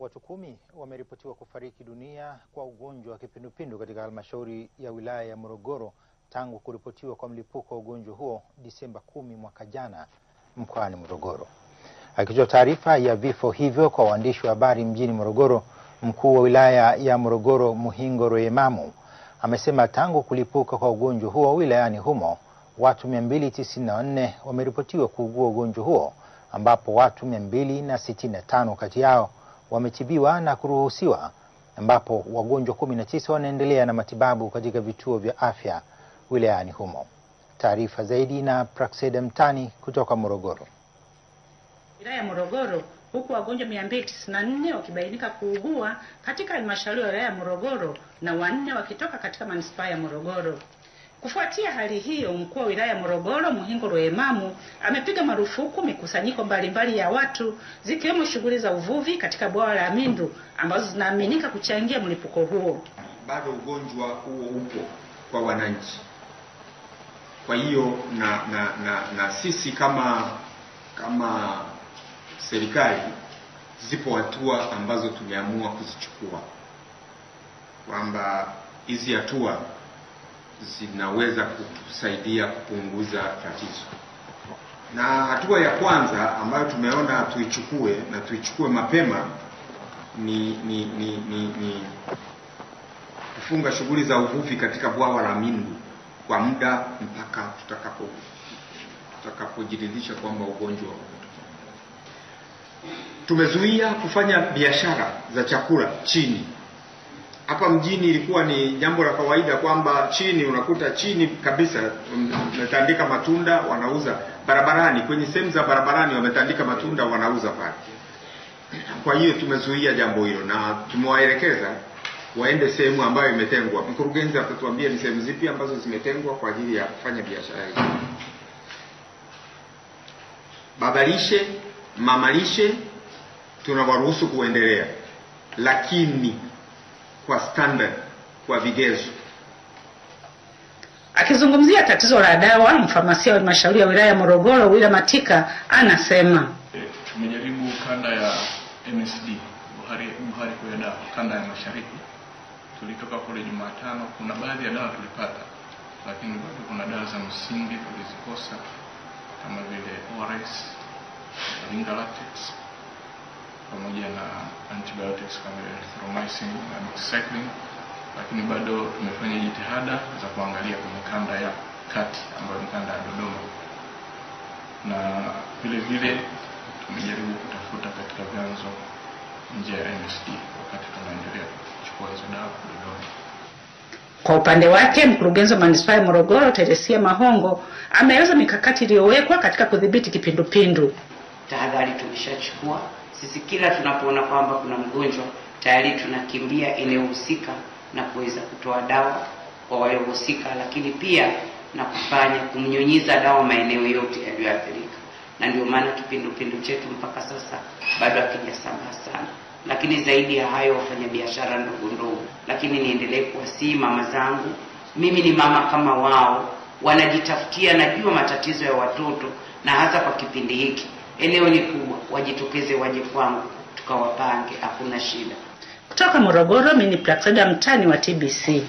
Watu kumi wameripotiwa kufariki dunia kwa ugonjwa wa kipindupindu katika halmashauri ya wilaya ya Morogoro tangu kuripotiwa kwa mlipuko wa ugonjwa huo Disemba kumi mwaka jana mkoani Morogoro. Akitoa taarifa ya vifo hivyo kwa waandishi wa habari mjini Morogoro, mkuu wa wilaya ya Morogoro Muhingo Royemamu amesema tangu kulipuka kwa ugonjwa huo wilayani humo watu 294 wameripotiwa kuugua ugonjwa huo ambapo watu 265 kati yao wametibiwa na kuruhusiwa, ambapo wagonjwa 19 wanaendelea na matibabu katika vituo vya afya wilayani humo. Taarifa zaidi na Praxeda Mtani kutoka Morogoro. Wilaya ya Morogoro huku wagonjwa 294 wakibainika kuugua katika halmashauri ya wilaya ya Morogoro na wanne wakitoka katika manispaa ya Morogoro. Kufuatia hali hiyo, mkuu wa wilaya Morogoro Muhingo Lweyemamu amepiga marufuku mikusanyiko mbalimbali ya watu zikiwemo shughuli za uvuvi katika bwawa la Mindu ambazo zinaaminika kuchangia mlipuko huo. Bado ugonjwa huo upo kwa wananchi, kwa hiyo na, na, na, na sisi kama kama serikali zipo hatua ambazo tumeamua kuzichukua kwamba hizi hatua zinaweza kutusaidia kupunguza tatizo. Na hatua ya kwanza ambayo tumeona tuichukue na tuichukue mapema ni, ni, ni, ni, ni kufunga shughuli za uvuvi katika bwawa la Mindu kwa muda mpaka tutakapo tutakapojiridhisha kwamba ugonjwa tumezuia kufanya biashara za chakula chini hapa mjini ilikuwa ni jambo la kawaida kwamba chini unakuta chini kabisa wametandika um, matunda wanauza barabarani, kwenye sehemu za barabarani wametandika matunda wanauza pale. Kwa hiyo tumezuia jambo hilo na tumewaelekeza waende sehemu ambayo imetengwa. Mkurugenzi atatuambia ni sehemu zipi ambazo zimetengwa kwa ajili ya kufanya biashara hii babalishe mamalishe tunawaruhusu kuendelea, lakini kwa standard kwa vigezo. Akizungumzia tatizo la dawa, mfamasia wa halmashauri ya wilaya ya Morogoro Wila Matika anasema tumejaribu kanda ya MSD buhari ya dawa kanda ya mashariki, tulitoka kule Jumatano. Kuna baadhi ya dawa tulipata, lakini bado kuna dawa za msingi tulizikosa kama vile ORS, Linga pamoja na kama erythromycin na doxycycline, lakini bado tumefanya jitihada za kuangalia kwenye kanda ya kati ambayo ni kanda ya Dodoma, na vile vile tumejaribu kutafuta katika vyanzo nje ya MSD wakati tunaendelea kuchukua hizo dawa Dodoma. Kwa upande wake mkurugenzi wa manispaa ya Morogoro Teresia Mahongo ameeleza mikakati iliyowekwa katika kudhibiti kipindupindu. Tahadhari tulishachukua sisi kila tunapoona kwamba kuna mgonjwa tayari tunakimbia eneo husika na kuweza kutoa dawa kwa waliohusika, lakini pia na kufanya kumnyunyiza dawa maeneo yote yaliyoathirika, na ndio maana kipindupindu chetu mpaka sasa bado hakijasambaa sana. Lakini zaidi ya hayo, wafanyabiashara ndogo ndogo, lakini niendelee kuwasihi mama zangu, mimi ni mama kama wao, wanajitafutia, najua matatizo ya watoto na hasa kwa kipindi hiki eneo ni kubwa, wajitokeze waje kwangu tukawapange, hakuna shida. Kutoka Morogoro, mimi ni Praxida Mtani wa TBC.